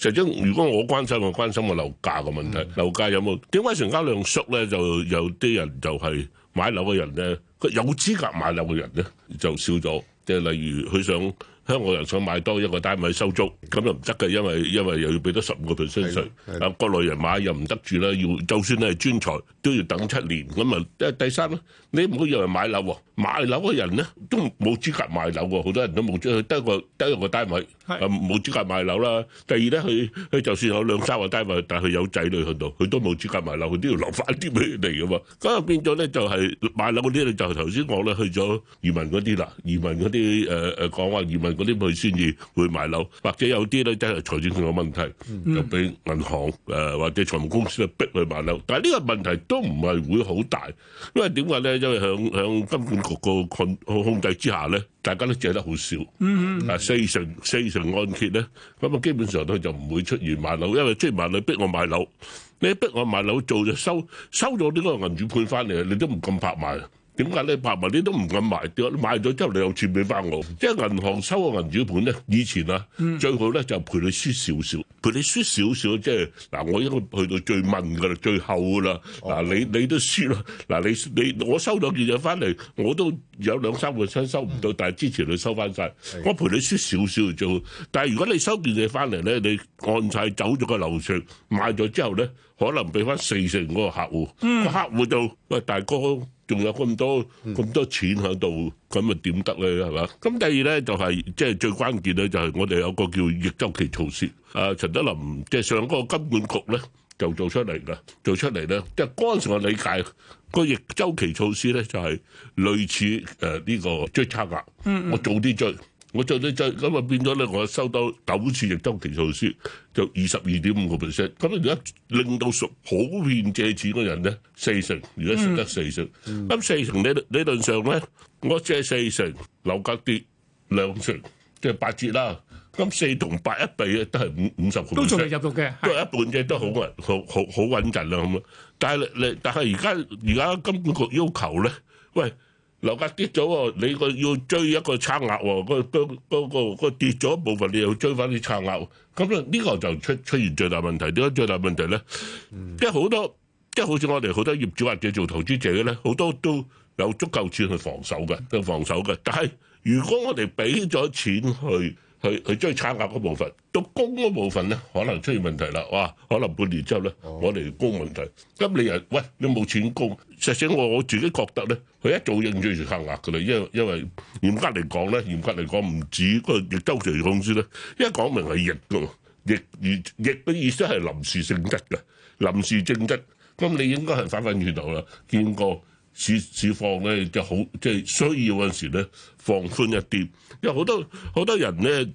就係如果我關心，我關心個樓價個問題，樓價有冇點解成交量縮呢？就有啲人就係買樓嘅人呢，佢有資格買樓嘅人呢就少咗，即係例如佢想。香港人想買多一個單位收租，咁又唔得嘅，因為因為又要俾多十五個 percent 稅。啊，國內人買又唔得住啦，要就算咧係專才都要等七年咁啊。第三咯，你唔好以為買樓，買樓嘅人咧都冇資格買樓喎。好多人都冇資格，得一個得一個單位啊，冇資格買樓啦。第二咧，佢佢就算有兩三個單位，但係佢有仔女喺度，佢都冇資格買樓，佢都要留翻啲俾你㗎喎。咁變咗咧就係買樓嗰啲就頭先講啦，去咗移民嗰啲啦，移民嗰啲誒誒講話移民。嗰啲佢先至會買樓，或者有啲咧即係財政性嘅問題，就俾銀行誒或者財務公司啊逼佢買樓。但係呢個問題都唔係會好大，因為點解咧？因為響響金管局個控控制之下咧，大家都借得好少。嗯嗯，啊四成四成按揭咧，咁啊基本上咧就唔會出現買樓，因為出現買樓逼我買樓，你逼我買樓做就收收咗呢個銀主盤翻嚟，你都唔敢拍賣。點解你拍埋你都唔敢賣啲？賣咗之後你又轉俾翻我，即係銀行收個銀紙盤咧。以前啊，最好咧就賠你輸少少，賠你輸少少即係嗱，我應該去到最問噶啦，最後噶啦嗱，你你都輸啦嗱，你你我收咗件嘢翻嚟，我都有兩三個箱收唔到，但係之前你收翻曬，我賠你輸少少就。但係如果你收件嘢翻嚟咧，你按曬走咗個樓上買咗之後咧。可能俾翻四成嗰個客戶，個客戶就喂大哥仲有咁多咁多錢喺度，咁咪點得咧係嘛？咁第二咧就係即係最關鍵咧就係我哋有個叫逆週期措施，啊陳德霖即係上嗰個金管局咧就做出嚟㗎，做出嚟咧即係嗰陣時我理解個逆週期措施咧就係類似誒呢個追差額，我早啲追。我就就咁啊，變咗咧，我收到九次逆周期措施，就二十二點五個 percent。咁你而家令到屬普遍借錢嘅人咧，四成，而家食得四成。咁四成理理論上咧，我借四成，樓價跌兩成，即係八折啦。咁四同八一比咧，都係五五十個 percent。都仲係入到嘅，都係一半啫，都好啊，好好好穩陣啦咁啊！但係你但係而家而家金管局要求咧，喂。樓價跌咗喎，你個要追一個差額喎，個嗰嗰跌咗一部分，你又追翻啲差額，咁咧呢個就出出現最大問題。點解最大問題咧？嗯、即係好多，即係好似我哋好多業主或者做投資者嘅咧，好多都有足夠錢去防守嘅，防守嘅。但係如果我哋俾咗錢去，佢佢追差額嗰部分，到供嗰部分咧，可能出現問題啦。哇，可能半年之後咧，我哋供問題。咁你又喂，你冇錢供？實質我我自己覺得咧，佢一早應對就差額噶啦，因為因為嚴格嚟講咧，嚴格嚟講唔止個逆週期公司咧，因為講明係逆㗎，逆意逆嘅意思係臨時性質嘅，臨時性質。咁你應該係反反轉頭啦，見過。市市況咧就好，即係需要嗰陣時咧放寬一啲，因為好多好多人咧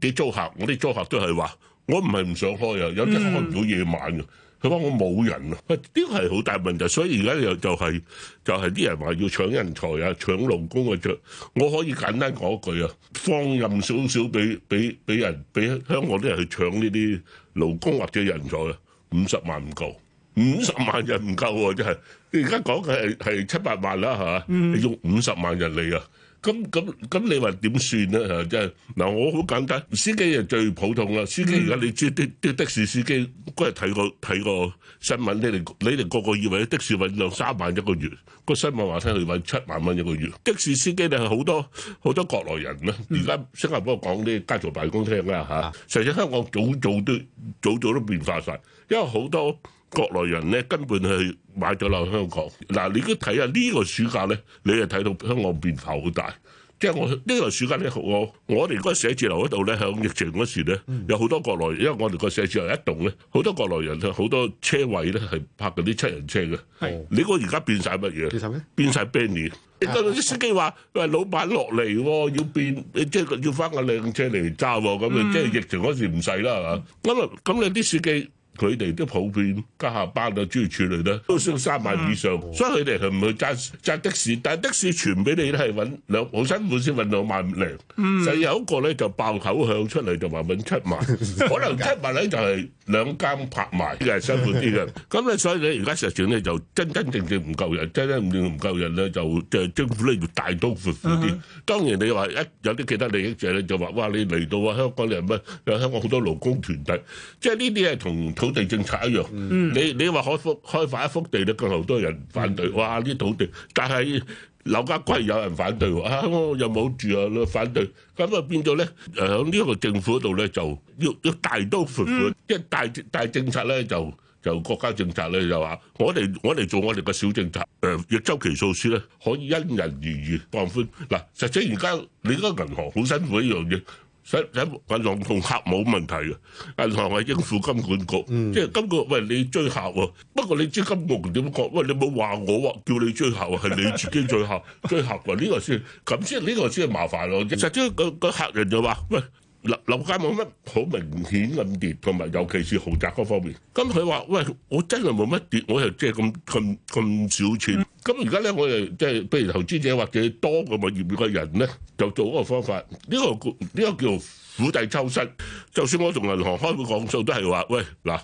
啲租客，我啲租客都係話，我唔係唔想開啊，有啲開唔到夜晚嘅，佢話、嗯、我冇人啊，呢個係好大問題，所以而家又就係、是、就係、是、啲人話要搶人才啊，搶勞工嘅、啊、著，我可以簡單講一句啊，放任少少俾俾俾人俾香港啲人去搶呢啲勞工或者人才啊，五十萬唔夠。五十萬人唔夠喎，真係你而家講嘅係係七八萬啦嚇，你用五十萬人嚟啊？咁咁咁，你話點算咧？啊，即係嗱，我好簡單，司機就最普通啦。司機而家你知啲的、嗯、的士司機嗰日睇個睇個新聞，你哋你哋個個以為的士揾兩三萬一個月，個新聞話聽你揾七萬蚊一個月。嗯、的士司機你係好多好多國內人啦，而家、嗯、新加坡講啲街層辦公廳啦嚇，實、啊、際、啊嗯、香港早都早都早早都變化晒，因為好多。國內人咧根本係買咗樓香港嗱，你都睇下呢個暑假咧，你就睇到香港變化好大。即係我呢、嗯、個暑假咧，我我哋嗰個寫字樓嗰度咧，響疫情嗰時咧，有好多國內，因為我哋個寫字樓一棟咧，好多國內人好多車位咧係泊嗰啲七人車嘅。是你估而家變晒乜嘢？實變晒 beni，嗰啲司機話：喂，老闆落嚟喎，要變，即係要翻個靚車嚟揸喎。咁啊，即係疫情嗰時唔使啦係嘛？咁啊，咁有啲司機。佢哋都普遍家下包到專業處理咧，都升三萬以上，所以佢哋係唔去揸揸的士，但係的士傳俾你咧係揾兩，好辛苦先揾兩萬零，就有一個咧就爆口向出嚟就話揾七萬，可能七萬咧就係兩間拍賣嘅，辛苦啲嘅。咁咧所以你而家實情咧就真真正正唔夠人，真真正正唔夠人咧就即係政府咧要大刀闊斧啲。當然你話一有啲其他利益者咧就話哇你嚟到啊香港你係乜有香港好多勞工團體，即係呢啲係同。土地政策一樣，你你話開幅開發一幅地咧，咁好多人反對，哇！啲土地，但係樓價貴有人反對喎，啊，又冇住又反對，咁啊變咗咧，誒喺呢個政府度咧，就要要大刀闊斧，即係大大政策咧，就就國家政策咧就話，我哋我哋做我哋個小政策，誒嘅週期措施咧，可以因人而異放寬。嗱，實際而家你嗰個銀行好辛苦一樣嘢。使銀行同客冇問題啊。銀行係應付金管局，嗯、即係金局。喂，你追客喎，不過你知金局點講？喂，你冇話我喎，叫你追客喎，係你自己追客 追客啊，呢、呢個先，咁先呢個先係麻煩咯。就即係個個客人就話，喂。樓樓價冇乜好明顯咁跌，同埋尤其是豪宅嗰方面。咁佢話：喂，我真係冇乜跌，我又即係咁咁咁少錢。咁而家咧，我哋即係譬如投資者或者多個物業嘅人咧，就做嗰個方法呢個呢個叫釜底抽薪。就算我同銀行開會講數，都係話：喂嗱，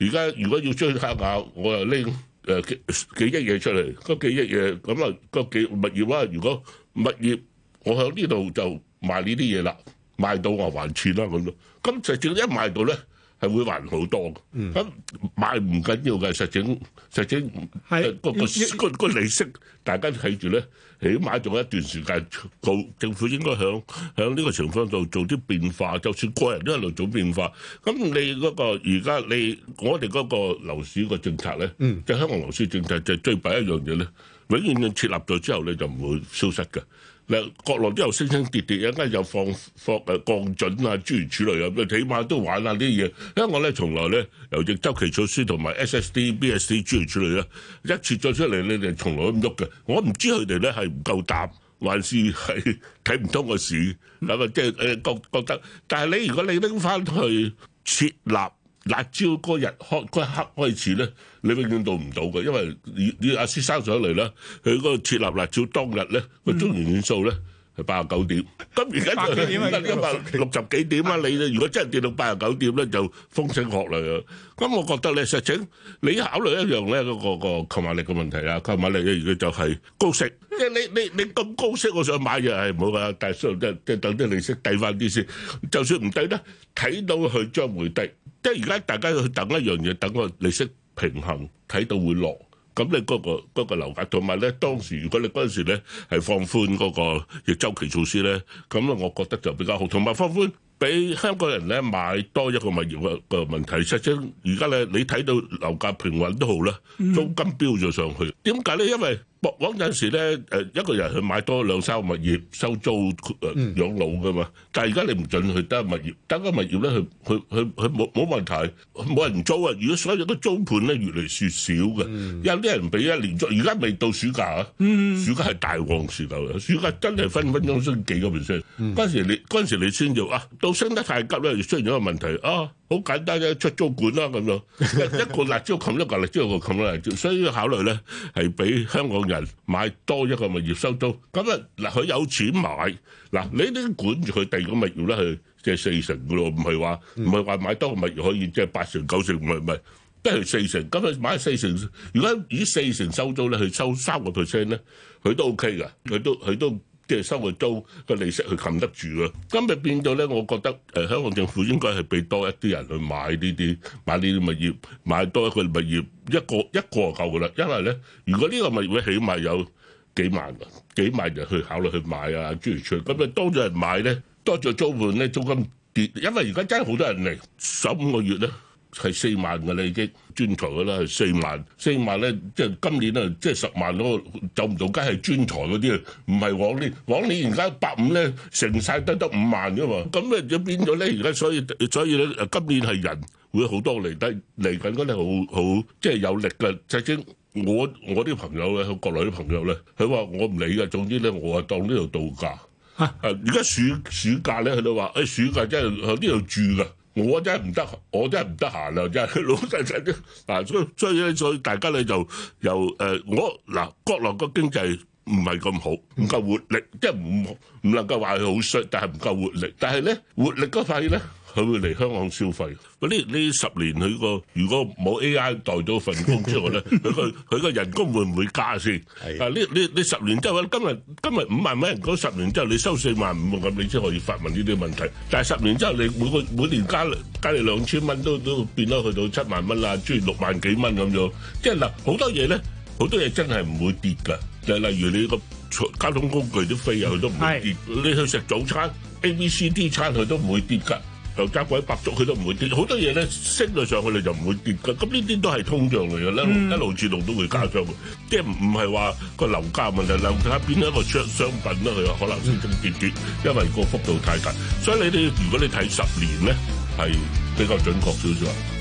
而家如果要追黑牙，我又拎誒幾億嘢出嚟，個幾億嘢咁啊，個幾物業啦。如果物業我喺呢度就賣呢啲嘢啦。賣到我還錢啦咁咯，咁實證一賣到咧係會還好多嘅。咁買唔緊要嘅，實證實證，呃、是個個個利息大家睇住咧，起碼仲有一段時間，個政府應該響響呢個情況度做啲變化，就算個人都喺度做變化。咁你嗰，嗰個而家你我哋嗰個樓市個政策咧，嗯、就香港樓市政策就係，最弊一樣嘢咧，永遠要設立咗之後咧就唔會消失嘅。嗱，國內都有升升跌跌，一間又放放誒降準啊，諸如此類咁，起碼都玩下啲嘢。因為我咧從來咧由逆周期措施同埋 S S D B S D 諸如此類咧，一切咗出嚟，你哋從來都唔喐嘅。我唔知佢哋咧係唔夠膽，還是係睇唔通個市，諗啊，即係誒覺覺得。但係你如果你拎翻去設立。辣椒嗰日開嗰一刻開始咧，你永遠到唔到嘅，因為，你你阿師生上嚟咧，佢嗰個設立辣椒當日咧，嗯、中原元，元素咧。八十九點，咁而家跌到一百六十幾點啊！你如果真係跌到八十九點咧，就風聲鶴唳啦！咁我覺得咧，實情你考慮一樣咧，嗰個個購買力嘅問題啦，購買力咧，如果就係高息，即係你你你咁高息，我想買嘢係冇㗎，但係即係即係等啲利息低翻啲先，就算唔低咧，睇到佢將會低，即係而家大家去等一樣嘢，等個利息平衡，睇到會落。咁你嗰個嗰個樓價，同埋咧當時，如果你嗰陣時咧係放寬嗰個逆周期措施咧，咁咧我覺得就比較好。同埋放寬俾香港人咧買多一個物業嘅個問題。實際而家咧你睇到樓價平穩都好啦，租金飆咗上去，點解咧？因為嗰嗰陣時咧，誒一個人去買多兩三個物業收租，誒養老噶嘛。但係而家你唔準去得物業得個物業咧，佢佢佢佢冇冇問題，冇人租啊。如果所有都租盤咧，越嚟越少嘅。有啲人俾一年租，而家未到暑假啊，暑假係大旺時候嘅，暑假真係分分鐘升幾個 percent。嗰陣時你嗰陣時你先做啊，到升得太急咧，出現咗一個問題啊。好簡單啫，出租管啦咁樣，一個辣椒冚一個辣椒，個冚咗辣椒，所以考慮咧係俾香港人買多一個物業收租，咁啊嗱，佢有錢買嗱，你都管住佢第二個物業，咁咪要得佢即係四成嘅咯，唔係話唔係話買多個物業可以即係八成九成，唔係唔係，都係四成。咁佢買四成，如果以四成收租咧，去收三個 percent 咧，佢都 OK 㗎，佢都佢都。即係收個租個利息去冚得住㗎，咁咪變到咧？我覺得誒香港政府應該係俾多一啲人去買呢啲買呢啲物業，買多一個物業一個一個就夠㗎啦。因為咧，如果呢個物業起碼有幾萬，幾萬人去考慮去買啊，諸如此類。咁咪多咗人買咧，多咗租盤咧，租金跌。因為而家真係好多人嚟，十五個月咧。係四萬嘅啦，已經專才嘅啦，係四萬四萬咧，即係今年啊，即係十萬咯，走唔到街係專才嗰啲啊，唔係往年往年而家百五咧，成晒得得五萬嘅嘛，咁咪變咗咧？而家所以所以咧，今年係人會好多嚟得嚟緊嗰啲好好即係有力嘅。即係我我啲朋友咧，我國內啲朋友咧，佢話我唔理嘅，總之咧我啊當呢度度假。而家、啊、暑暑假咧，佢都話誒、哎、暑假真係喺呢度住嘅。我真係唔得，我真係唔得閒啦，真係老實實嘅。嗱，所以所以咧，所以大家咧就又誒，我嗱國內個經濟唔係咁好，唔夠活力，即係唔唔能夠話佢好衰，但係唔夠活力。但係咧，活力嗰塊咧。佢會嚟香港消費。佢呢呢十年佢個如果冇 AI 代咗份工之後咧，佢個佢個人工會唔會加先？但係呢呢呢十年之後，今日今日五萬蚊，嗰十年之後你收四萬五咁，你先可以發問呢啲問題。但係十年之後，你每個每年加加你兩千蚊，都都變咗去到七萬蚊喇，即係六萬幾蚊咁樣。即係嗱，好多嘢咧，好多嘢真係唔會跌㗎。就例如你個交通工具啲費啊，佢都唔會跌。你去食早餐 A、B、C、D 餐，佢都唔會跌㗎。油炸鬼白粥，佢都唔會跌。好多嘢咧，升咗上去，你就唔會跌嘅。咁呢啲都係通脹嚟嘅咧，一路自動都會加上去嘅。即係唔係話個樓價問題，樓價變咗一個商商品咯。佢話可能升升跌跌，因為個幅度太大。所以你哋如果你睇十年咧，係比較準確少少。